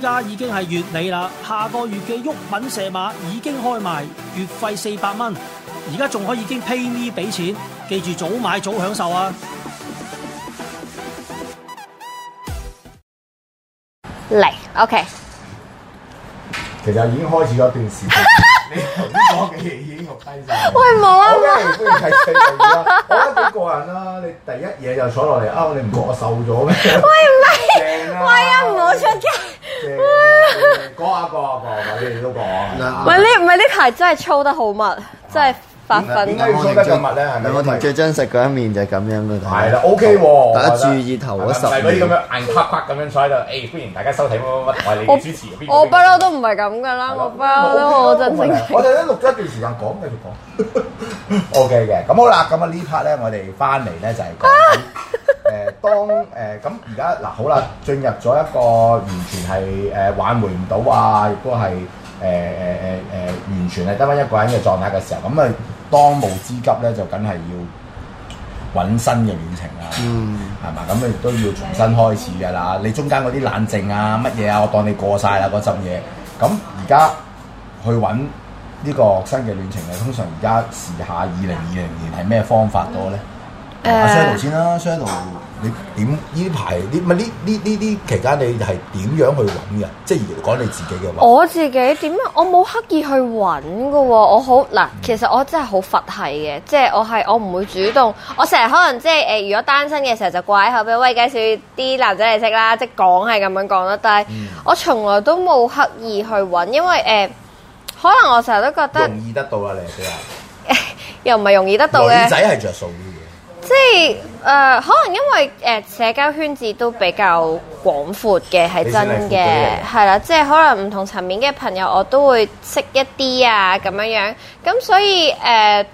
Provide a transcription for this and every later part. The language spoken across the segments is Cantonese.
而家已經係月尾啦，下個月嘅玉品射馬已經開賣，月費四百蚊，而家仲可以經 Pay Me 俾錢，記住早買早享受啊！嚟，OK。其實已經開始咗一段時間，你頭先講嘅嘢已經落低晒。喂，冇啊。OK，歡迎睇細肥仔啊！我覺得幾過癮啊！你第一嘢就坐落嚟啊，你唔覺我瘦咗咩？喂喂。唔係呢唔係呢排真係操得好密，真係發奮。點解我哋最密咧？兩我哋最真實嗰一面就係咁樣噶。係啦，OK 喎，大家注意頭嗰十。係嗰啲咁樣硬啪啪咁樣坐喺度。誒，歡迎大家收睇乜乜乜，我係你嘅主持。我不嬲都唔係咁噶啦，我不嬲都我真係。我哋都錄咗一段時間講，繼續講。OK 嘅，咁好啦，咁啊呢 part 咧，我哋翻嚟咧就係。當誒咁而家嗱好啦，進入咗一個完全係誒、呃、挽回唔到啊，亦都係誒誒誒誒完全係得返一個人嘅狀態嘅時候，咁啊當務之急咧就梗係要揾新嘅戀情啦，係嘛、嗯？咁亦都要重新開始㗎啦。你中間嗰啲冷靜啊乜嘢啊，我當你過晒啦嗰陣嘢。咁而家去揾呢個新嘅戀情咧，通常而家時下二零二零年係咩方法多咧？嗯誒 Shanel、uh, 先啦 Shanel 你點呢排呢？呢呢呢啲期間，你係點樣去揾嘅？即係講你自己嘅話，我自己點啊？我冇刻意去揾嘅喎，我好嗱，其實我真係好佛系嘅，即、就、係、是、我係我唔會主動，我成日可能即係誒，如果單身嘅時候就掛喺後邊喂介紹啲男仔嚟識啦，即係講係咁樣講啦。但係我從來都冇刻意去揾，因為誒、呃，可能我成日都覺得容易得到啊！你 又唔係容易得到嘅，仔係著數即係誒、呃，可能因為誒、呃、社交圈子都比較廣闊嘅，係真嘅，係啦。即係可能唔同層面嘅朋友，我都會識一啲啊咁樣樣。咁所以誒、呃，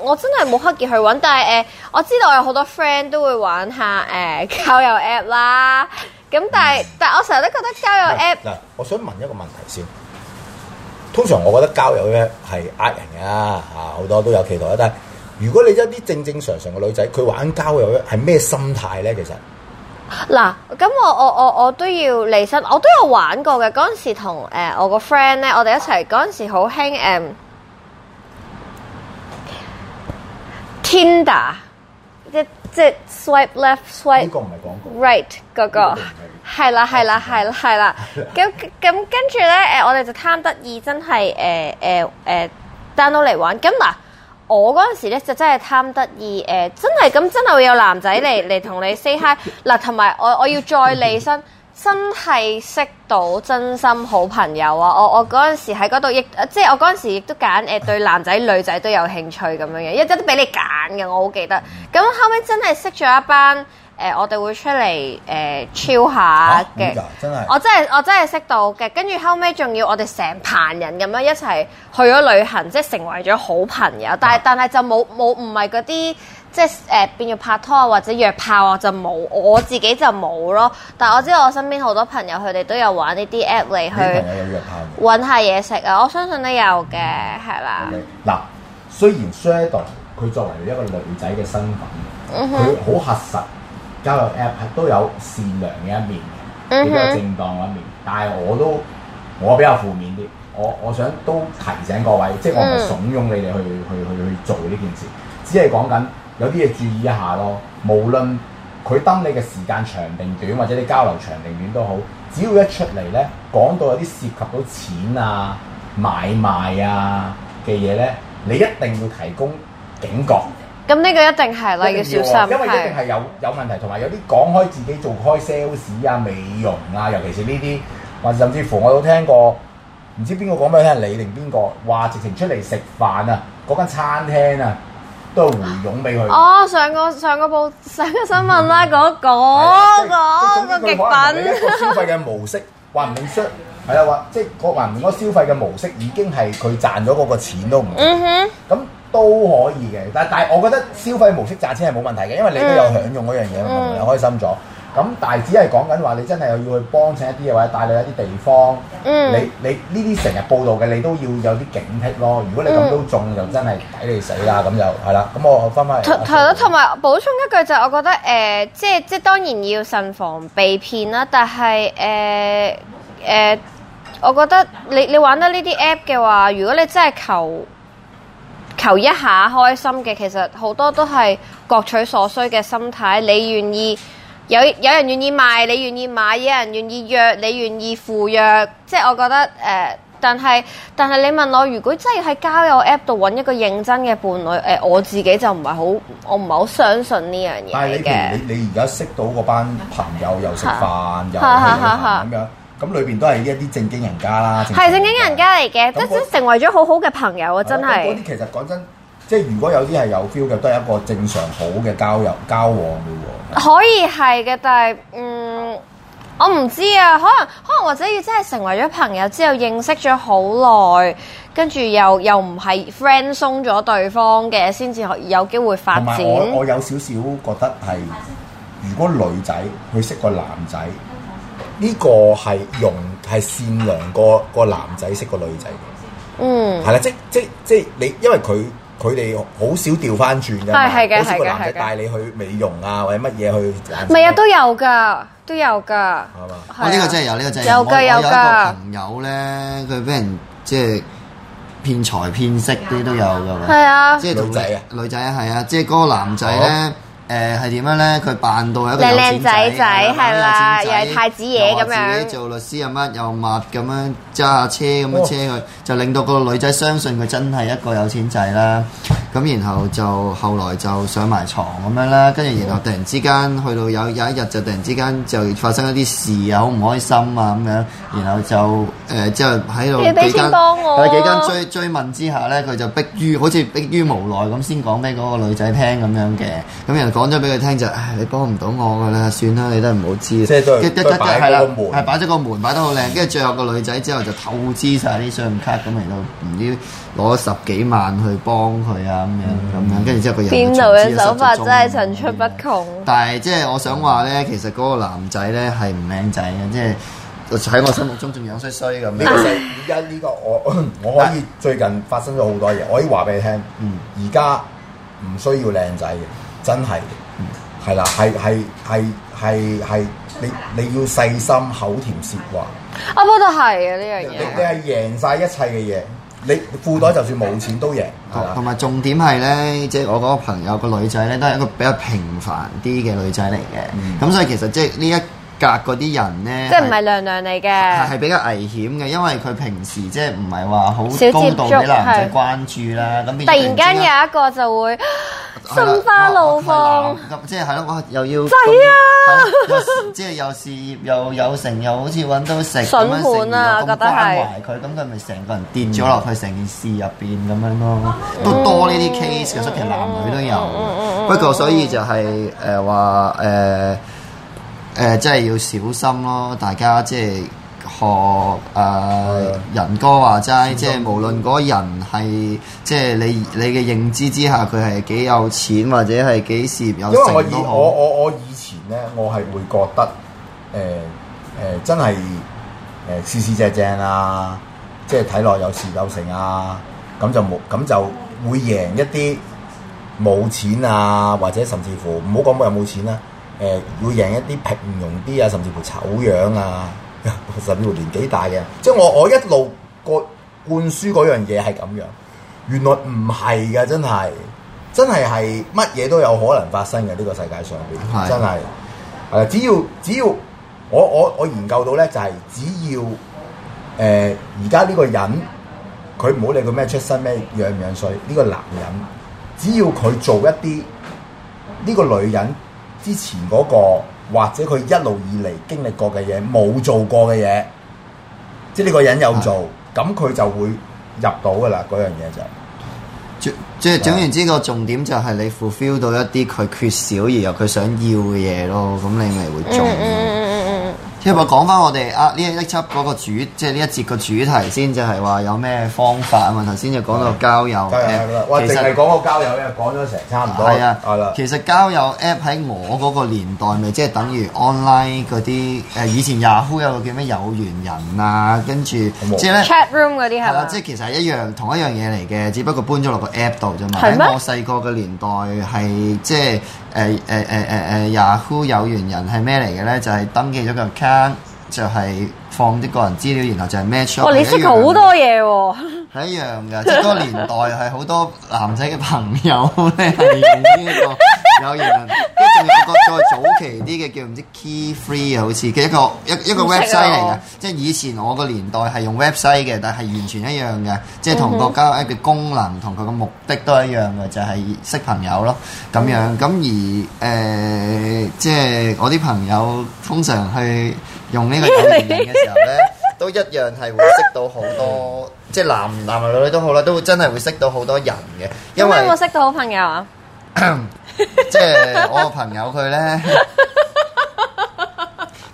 我真係冇刻意去揾，但係誒、呃，我知道我有好多 friend 都會玩下誒、呃、交友 app 啦。咁、嗯、但係，但係我成日都覺得交友 app 嗱，我想問一個問題先。通常我覺得交友 app 係呃人㗎，嚇好多都有期待，但係。如果你一啲正正常常嘅女仔，佢玩交友係咩心態咧？其實嗱，咁我我我我都要，離身，我都有玩過嘅。嗰陣時同誒我,我 m, Tinder, left, 個 friend、right, 咧，我哋一齊嗰陣時好興誒 Tinder 即係 Swipe left Swipe 嗰個唔係講過，Right 嗰個係啦係啦係啦係啦。咁咁跟住咧誒，我哋就貪得意，真係誒誒誒 download 嚟玩。咁、嗯、嗱。嗯嗯嗯嗯我嗰陣時咧就真係貪得意，誒、呃、真係咁真係會有男仔嚟嚟同你 say hi，嗱同埋我我要再離身，真係識到真心好朋友啊！我我嗰陣時喺嗰度亦即係我嗰陣時亦都揀誒對男仔女仔都有興趣咁樣樣，一直都俾你揀嘅，我好記得。咁後尾真係識咗一班。誒、呃，我哋會出嚟誒，超、呃、下嘅、啊嗯，真係，我真係我真係識到嘅。跟住後尾仲要我哋成棚人咁樣一齊去咗旅行，即係成為咗好朋友。但係、啊、但係就冇冇，唔係嗰啲即係誒、呃、變咗拍拖啊，或者約炮啊，就冇我自己就冇咯。但係我知道我身邊好多朋友，佢哋都有玩呢啲 app 嚟去朋友有約炮嘅。揾下嘢食啊！我相信都有嘅，係、嗯、啦。嗱、嗯，雖然 Shadow 佢作為一個女仔嘅身份，佢好核實。嗯嗯交流 App 都有善良嘅一面，亦都有正當嘅一面，但係我都我比較負面啲，我我想都提醒各位，即係我唔係慫恿你哋去、mm hmm. 去去去做呢件事，只係講緊有啲嘢注意一下咯。無論佢登你嘅時間長定短，或者你交流長定短都好，只要一出嚟咧講到有啲涉及到錢啊、買賣啊嘅嘢咧，你一定要提供警覺。咁呢個一定係要小心，因為一定係有有問題，同埋且有啲講開自己做開 sales 啊、美容啊，尤其是呢啲，或甚至乎我有聽過，唔知邊個講俾你聽，你定邊個話直情出嚟食飯啊，嗰間餐廳啊，都係回傭俾佢。哦，上個上個報上個新聞啦、啊，嗰、嗯那個嗰的、那個極是、那個、品。消費嘅模式話唔定，係啊，話即係嗰還嗰消費嘅模式已經係佢賺咗嗰個錢都唔，咁。都可以嘅，但但係我覺得消費模式賺錢係冇問題嘅，因為你都有享用嗰樣嘢，又、嗯、開心咗。咁但係只係講緊話，你真係要要去幫襯一啲嘢，或者帶你一啲地方。嗯、你你呢啲成日報道嘅，你都要有啲警惕咯。如果你咁都中，嗯、就真係抵你死啦。咁就係啦。咁我翻返去。係咯，同埋補充一句就係、是，我覺得誒、呃，即係即係當然要慎防被騙啦。但係誒誒，我覺得你你玩得呢啲 app 嘅話，如果你真係求。求一下開心嘅，其實好多都係各取所需嘅心態。你願意有，有人願意賣，你願意買；有人願意約，你願意赴約。即係我覺得誒、呃，但係但係你問我，如果真係喺交友 App 度揾一個認真嘅伴侶，誒、呃、我自己就唔係好，我唔係好相信呢樣嘢嘅。但係你譬如你，你而家識到嗰班朋友又食飯，啊、又咁樣。啊啊啊咁裏邊都係一啲正經人家啦，係的正經人家嚟嘅，即係成為咗好好嘅朋友啊！真係嗰啲其實講真，即係如果有啲係有 feel 嘅，都係一個正常好嘅交友交往嘅。可以係嘅，但係嗯，我唔知啊，可能可能或者要真係成為咗朋友之後認識咗好耐，跟住又又唔係 friend 鬆咗對方嘅，先至有機會發展。同埋我我有少少覺得係，如果女仔去識個男仔。呢個係容係善良個個男仔識個女仔嘅，嗯，係啦，即即即你因為佢佢哋好少掉返轉嘅，係係嘅係嘅好少個男仔帶你去美容啊或者乜嘢去，唔係啊都有㗎都有㗎，係嘛？呢個真係有呢個真係有㗎，我有個朋友咧，佢俾人即係騙財騙色啲都有㗎，係啊，即係女仔啊女仔啊係啊，即係嗰個男仔咧。誒係點樣咧？佢扮到一個靚靚仔仔係啦，又係太子爺咁樣，自己做律師又乜又乜咁樣，揸下車咁樣車佢，就令到個女仔相信佢真係一個有錢仔啦。咁然後就後來就上埋床咁樣啦，跟住然後突然之間去到有有一日就突然之間就發生一啲事啊，好唔開心啊咁樣，然後就誒之後喺度幾間喺幾間追追問之下呢，佢就迫於好似迫於無奈咁先講俾嗰個女仔聽咁樣嘅，咁然後講咗俾佢聽就，唉你幫唔到我噶啦，算啦，你都唔好知，一一間係啦，係擺咗個門，擺，個門擺得好靚，跟住最後個女仔之後就透支晒啲信用卡咁嚟到唔知。攞咗十幾萬去幫佢啊，咁樣咁樣，跟住之後佢人，邊度嘅手法真係層出不窮。但係即係我想話咧，其實嗰個男仔咧係唔靚仔嘅，即係喺我心目中仲樣衰衰咁。呢個而家呢個我我可以最近發生咗好多嘢，我可以話俾你聽。嗯，而家唔需要靚仔嘅，真係，嗯，係啦，係係係係係，你你要細心口甜舌滑。不過都係啊，呢樣嘢，你你係贏晒一切嘅嘢。你褲袋就算冇錢都贏，同埋、哦、重點係呢。即、就、係、係、我嗰個朋友個女仔呢，都係一個比較平凡啲嘅女仔嚟嘅，咁、嗯、所以其實即係呢一。隔嗰啲人咧，即係唔係娘娘嚟嘅，係比較危險嘅，因為佢平時即係唔係話好高度俾男仔關注啦。突然間有一個就會心花怒放，即係係咯，我又要。係 啊！即係又事業又有成又好似揾到食咁樣，成日都關懷佢，咁佢咪成個人跌咗落去成件事入邊咁樣咯。都多呢啲 case，其實男女都有。不過所以就係誒話誒。呃呃呃呃誒、呃，即係要小心咯！大家即係學誒仁哥話齋，即係無論嗰人係即係你你嘅認知之下，佢係幾有錢或者係幾事業有成都好。因為我以我我，我以前咧，我係會覺得誒誒、呃呃、真係誒四四正正啊，即係睇落有事業有成啊，咁就冇咁就會贏一啲冇錢啊，或者甚至乎唔好講我有冇錢啦、啊。誒、呃、要贏一啲平庸啲啊，甚至乎醜樣啊，甚至乎年紀大嘅，即係我我一路灌灌輸嗰樣嘢係咁樣，原來唔係嘅，真係真係係乜嘢都有可能發生嘅呢、這個世界上邊，真係誒的、呃，只要只要我我我研究到咧，就係、是、只要誒而家呢個人，佢唔好理佢咩出身咩樣唔樣衰，呢、這個男人只要佢做一啲呢、這個女人。之前嗰、那個或者佢一路以嚟經歷過嘅嘢，冇做過嘅嘢，即係呢個人有做，咁佢、啊、就會入到噶啦，嗰樣嘢就即係總言之，個重點就係你 fulfill 到一啲佢缺少而又佢想要嘅嘢咯，咁你咪會做。嗯嗯嗯嗯嗯聽我講翻我哋啊呢一輯嗰個主，即係呢一節個主題先，就係話有咩方法啊嘛。頭先就講到交友，係啦，其實你講個交友咧，講咗成餐多係啊，係啦。其實交友 App 喺我嗰個年代咪即係等於 online 嗰啲，誒以前 Yahoo 有個叫咩有緣人啊，跟住即係 chat room 嗰啲係嘛？即係其實係一樣同一樣嘢嚟嘅，只不過搬咗落個 App 度啫嘛。喺我細個嘅年代係即係誒誒誒誒誒 Yahoo 有緣人係咩嚟嘅咧？就係登記咗個就係放啲個人資料，然後就係 match 你識好多、哦、嘢喎，係一樣㗎，即嗰個年代係好 多男仔嘅朋友咧，係咁呢個。 有嘢，跟住仲有個再早期啲嘅叫唔知 key free 啊，好似嘅一個一一個 website 嚟嘅，即係以前我個年代係用 website 嘅，但係完全一樣嘅，即係同國家嘅功能同佢嘅目的都一樣嘅，就係識朋友咯咁樣。咁而誒，即係我啲朋友通常去用呢個軟件嘅時候咧，都一樣係會識到好多，即係男男或女女都好啦，都真係會識到好多人嘅。咁有冇識到好朋友啊？即係我個朋友佢呢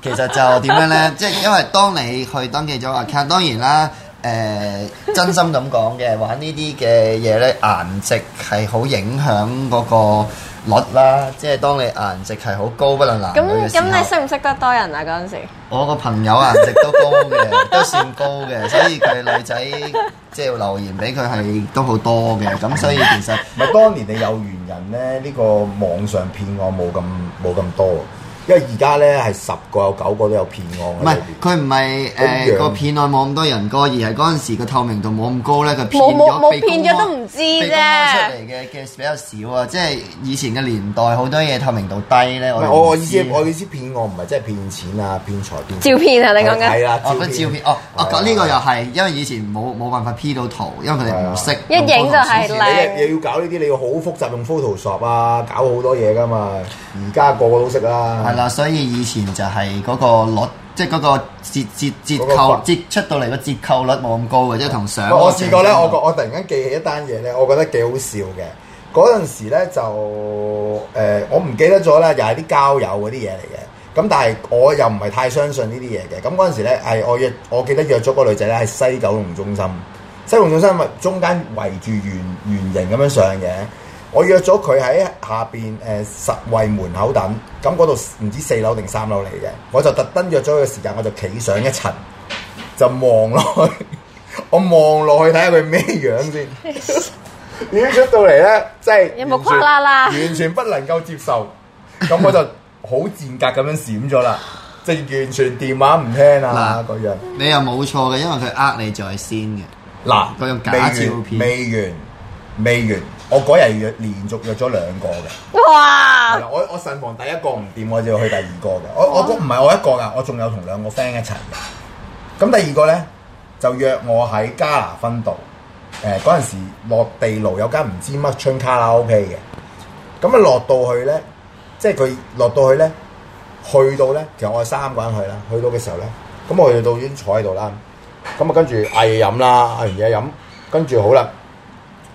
其實就點樣呢？ 即係因為當你去登記咗 account，當然啦，誒、呃，真心咁講嘅，玩呢啲嘅嘢呢，顏值係好影響嗰、那個。率啦，即係當你顏值係好高能認不能拿嘅時候，咁咁你識唔識得多人啊？嗰陣時，我個朋友顏值都高嘅， 都算高嘅，所以佢女仔 即係留言俾佢係都好多嘅，咁所以其實唔係 當年你有緣人咧，呢、呢個網上騙案冇咁冇咁多。因為而家咧係十個有九個都有騙案。唔係佢唔係誒個騙案冇咁多人過，而係嗰陣時個透明度冇咁高咧，佢騙咗。冇騙咗都唔知啫。出嚟嘅嘅比較少啊，即係以前嘅年代好多嘢透明度低咧。我我意思我意思騙案唔係即係騙錢啊，騙財騙照片啊，你講緊係啊照得照片哦，哦呢個又係因為以前冇冇辦法 P 到圖，因為佢哋唔識一影就係靚。你要搞呢啲你要好複雜用 Photoshop 啊，搞好多嘢㗎嘛。而家個個都識啦。嗱，所以以前就係嗰個即係嗰個折折折扣，折出到嚟個折扣率冇咁高嘅，即係同上。我試過咧，我覺衡我突然間記起一單嘢咧，我覺得幾好笑嘅。嗰陣時咧就誒、呃，我唔記得咗咧，又係啲交友嗰啲嘢嚟嘅。咁但係我又唔係太相信呢啲嘢嘅。咁嗰陣時咧，係我約，我記得約咗個女仔咧，係西九龍中心。西九龍中心咪中間圍住圓圓形咁樣上嘅。我約咗佢喺下邊誒、呃、實惠門口等，咁嗰度唔知四樓定三樓嚟嘅，我就特登約咗佢時間，我就企上一層就望落去，我望落去睇下佢咩樣先。已經出到嚟咧，即係完，有有完全不能夠接受，咁、嗯、我就好賤格咁樣閃咗啦， 即係完全電話唔聽啊嗰嘩樣。你又冇錯嘅，因為佢呃你在先嘅嗱，嗰種嘩假照片。未完，未完。我嗰日約連續約咗兩個嘅，哇！我我慎防第一個唔掂，我就去第二個嘅。我我唔係我一個㗎，我仲有同兩個 friend 一齊。咁第二個咧就約我喺加拿芬道。誒嗰陣時落地牢有間唔知乜春卡拉 OK 嘅。咁一落到去咧，即係佢落到去咧，去到咧，其實我三個人去啦。去到嘅時候咧，咁我哋到已經坐喺度啦。咁啊跟住嗌嘢飲啦，嗌完嘢飲，跟住好啦。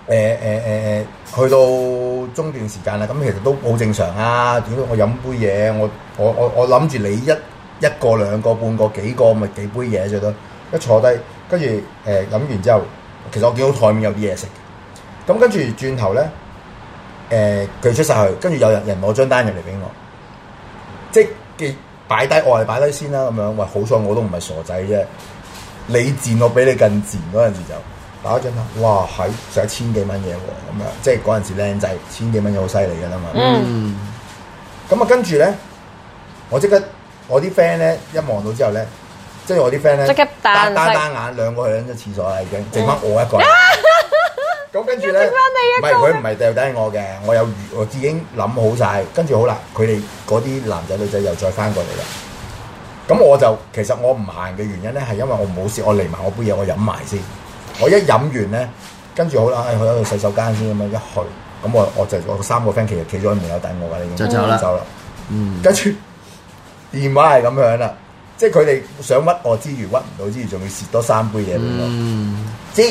誒誒誒誒，去到中段時間啦，咁其實都好正常啊。點解我飲杯嘢，我我我我諗住你一一個兩個半個幾個，咪幾，幾杯嘢最多。一坐低，跟住誒飲完之後，其實我見到台面有啲嘢食。咁跟住轉頭咧，誒、呃、佢出晒去，跟住有人有人攞張單入嚟俾我，即係擺低我係擺低先啦。咁樣，喂，好彩我都唔係傻仔啫。你賤，我比你更賤嗰陣時就打一張卡，哇係，成千幾蚊嘢喎，咁樣即係嗰陣時靚仔，千幾蚊嘢好犀利㗎啦嘛。嗯，咁啊跟住咧，我即刻我啲 friend 咧一望到之後咧，即係我啲 friend 咧即刻單單眼兩個去緊咗廁所啦，已經剩翻我一個。咁跟住咧，唔係佢唔係掉低我嘅，我有我已經諗好晒。跟住好啦，佢哋嗰啲男仔女仔又再翻過嚟啦。咁我就其實我唔行嘅原因咧，係因為我冇事，我嚟埋我杯嘢，我飲埋先飲。我一飲完咧，跟住好啦，去去洗手間先，咁樣一去，咁我我就我三個 friend 其實企咗喺門口等我㗎，已經就走啦。嗯，跟住電話係咁樣啦，即係佢哋想屈我之餘，屈唔到之餘，仲要蝕多三杯嘢俾我。嗯，知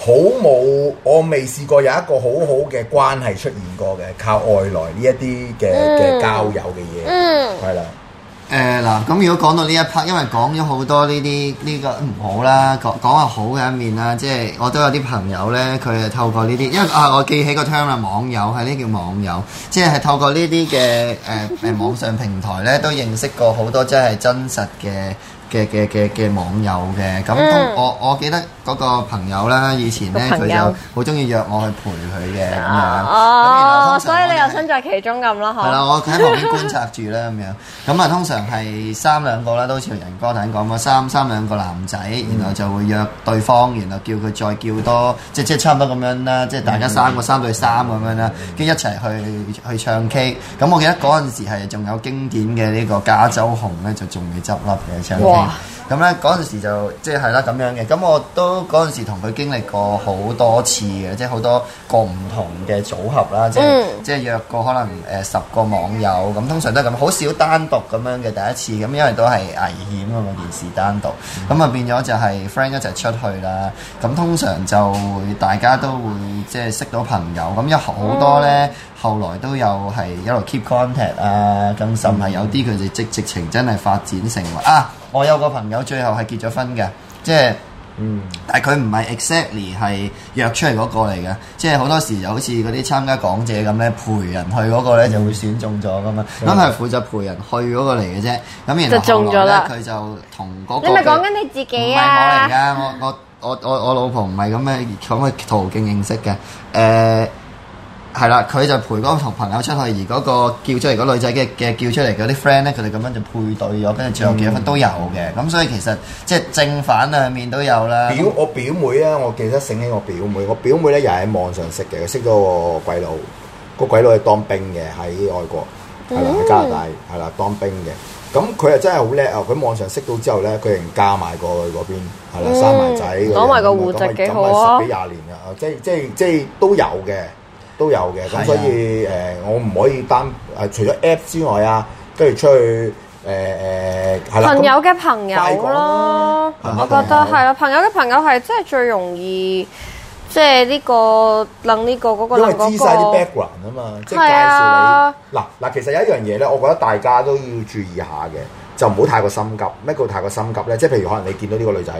好冇，我未試過有一個好好嘅關係出現過嘅，靠外來呢一啲嘅嘅交友嘅嘢，嗯，嗯，係啦。誒嗱，咁、呃、如果講到呢一 part，因為講咗好多呢啲呢個唔好啦，講講下好嘅一面啦，即係我都有啲朋友呢，佢係透過呢啲，因為啊，我記起個 term 啊，網友係呢叫網友，即係係透過呢啲嘅誒誒網上平台呢，都認識過好多即係真實嘅。嘅嘅嘅嘅網友嘅咁，我我記得嗰個朋友咧，以前咧佢就好中意約我去陪佢嘅咁樣。哦，所以你又身在其中咁咯，嗬？係啦，我喺旁邊觀察住啦咁樣。咁啊，通常係三兩個啦，都似仁哥你講咁，三三兩個男仔，然後就會約對方，然後叫佢再叫多，即即係差唔多咁樣啦，即係大家三個三對三咁樣啦，跟住一齊去去唱 K。咁我記得嗰陣時係仲有經典嘅呢個加州紅咧，就仲未執笠嘅唱。咁咧，嗰陣哇、嗯、時就即係啦，咁、就是、樣嘅。咁我都嗰陣時同佢經歷過好多次嘅，即係好多個唔同嘅組合啦。即係即係約過可能誒十、呃、個網友咁，通常都係咁，好少單獨咁樣嘅第一次。咁因為都係危險啊嘛，件事單獨。咁啊、嗯、變咗就係 friend 一齊出去啦。咁通常就會大家都會即係識到朋友。咁有好多呢，嗯、後來都有係一路 keep contact 啊。咁甚至係有啲佢哋即直情真係發展成啊。我有個朋友最後係結咗婚嘅，即係，嗯、但係佢唔係 exactly 係約出嚟嗰、那個嚟嘅，即係好多時就好似嗰啲參加港姐咁咧，陪人去嗰個咧就會選中咗噶嘛，咁係、嗯、負責陪人去嗰個嚟嘅啫，咁然後後來咧佢就同嗰、那個，你咪講緊你自己啊，我我我我我老婆唔係咁嘅咁嘅途徑認識嘅，誒、呃。係啦，佢就陪嗰同朋友出去，而嗰個叫出嚟嗰女仔嘅嘅叫出嚟嗰啲 friend 咧，佢哋咁樣就配對咗，跟住最後結咗婚都有嘅。咁、嗯、所以其實即係正反兩面都有啦。表我表妹啊，我記得醒起我表妹，我表妹咧又喺網上識嘅，識咗個鬼佬，個鬼佬係當兵嘅，喺外國係啦，嗯、加拿大係啦當兵嘅。咁佢又真係好叻啊！佢網上識到之後咧，佢仲嫁埋過去嗰邊，係啦、嗯、生埋仔。攏埋、嗯、個戶籍埋十幾廿年啊！即係即係即係都有嘅。都有嘅，咁所以誒，我唔可以單誒，除咗 App 之外啊，跟住出去誒誒，係啦，朋友嘅朋友咯，我覺得係啊，朋友嘅朋友係真係最容易，即係呢個諗呢個嗰個，因為知晒啲 background 啊嘛，即係介紹你嗱嗱。其實有一樣嘢咧，我覺得大家都要注意下嘅，就唔好太過心急。咩叫太過心急咧？即係譬如可能你見到呢個女仔，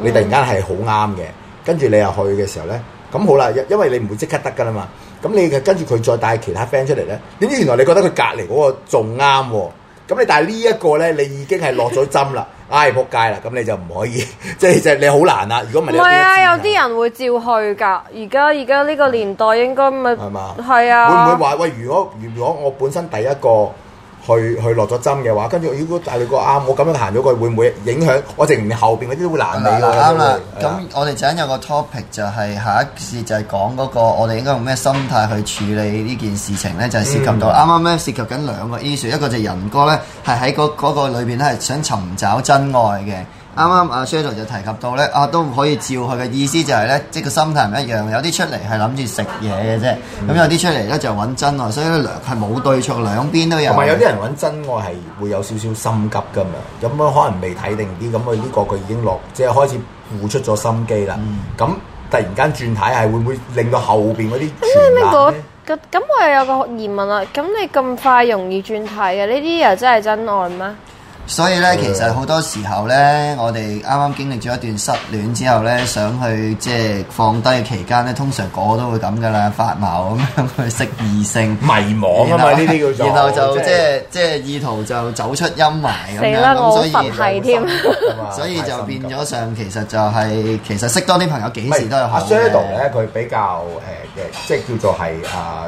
你突然間係好啱嘅，跟住你又去嘅時候咧，咁好啦，因為你唔會即刻得㗎啦嘛。咁你跟住佢再帶其他 friend 出嚟咧，點知原來你覺得佢隔離嗰個仲啱喎？咁你帶呢一個咧，你已經係落咗針啦！唉、 哎，仆街啦！咁你就唔可以，即係即係你好難啦！如果唔係你，唔係啊，有啲人會照去㗎。而家而家呢個年代應該咪係啊？會唔會話喂？如果如果，如果我本身第一個？去去落咗針嘅話，跟住如果大係個啱，我咁樣彈咗佢會唔會影響我？直情後邊嗰啲都會難睇㗎。啱啦，咁我哋陣有個 topic 就係下一次就係講嗰個我哋應該用咩心態去處理呢件事情咧，就係涉及到啱啱咧，涉及緊兩個 issue，一個就係人哥咧係喺個嗰、嗰個裏邊咧係想尋找真愛嘅。啱啱阿 Shirley 就提及到咧，啊都可以照佢嘅意思就係咧，即係個心態唔一樣，有啲出嚟係諗住食嘢嘅啫，咁有啲出嚟咧就揾真愛，所以咧係冇對錯，兩邊都有。同埋有啲人揾真愛係會有少少心急噶嘛，咁樣可能未睇定啲，咁佢呢個佢已經落即係開始付出咗心機啦，咁突然間轉軚係會唔會令到後邊嗰啲？咁呢個咁我又有個疑問啊，咁你咁快容易轉軚嘅呢啲又真係真愛咩？所以咧，其實好多時候咧，我哋啱啱經歷咗一段失戀之後咧，想去即係放低期間咧，通常個個都會咁噶啦，發毛咁樣去識異性，迷茫啊嘛呢啲後叫做，然後就即係即係意圖就走出陰霾咁樣係、嗯，所以添， 所以就變咗上其實就係、是、其實識多啲朋友幾時都有好嘅。阿 Shadow 咧，佢比較誒嘅，即、呃、係、就是、叫做係啊。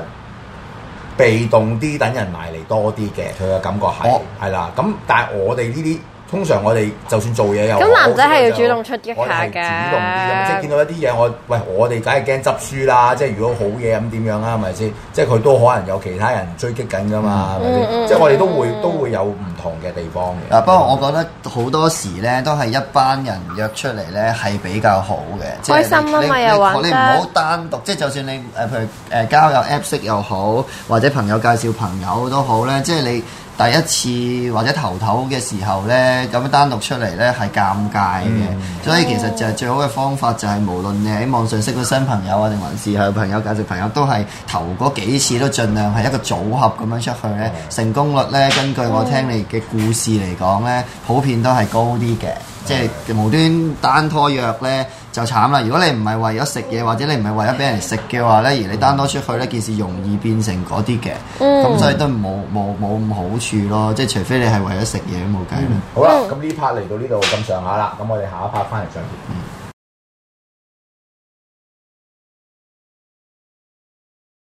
被動啲，等人埋嚟多啲嘅，佢嘅感覺係係啦。咁、oh，但係我哋呢啲。通常我哋就算做嘢又咁男仔係要主動出擊下嘅，主動啲，即係見到一啲嘢我喂，我哋梗係驚執輸啦！即係如果好嘢咁點樣啦？係咪先？即係佢都可能有其他人追擊緊㗎嘛？係咪？即係我哋都會、嗯、都會有唔同嘅地方嘅。啊、嗯，不過、嗯、我覺得好多時咧都係一班人約出嚟咧係比較好嘅，即係、開心、你你你唔好單獨，即係就算你誒譬如誒交友 Apps 又好，或者朋友介紹朋友都好咧，即、就、係、是、你。第一次或者頭頭嘅時候呢，咁樣單獨出嚟呢係尷尬嘅，嗯、所以其實就係最好嘅方法就係無論你喺網上識到新朋友啊，定還是係朋友介紹朋，朋友，都係頭嗰幾次都盡量係一個組合咁樣出去呢，嗯、成功率呢根據我聽你嘅故事嚟講呢、嗯、普遍都係高啲嘅，嗯、即係無端單拖約呢。就慘啦！如果你唔係為咗食嘢，或者你唔係為咗俾人食嘅話呢，而你單拖出去，呢件事容易變成嗰啲嘅，咁、嗯、所以都冇冇冇咁好處咯。即係除非你係為咗食嘢都冇計啦。嗯、好啦了，咁呢 part 嚟到呢度咁上下啦，咁我哋下一 part a 翻嚟再見。嗯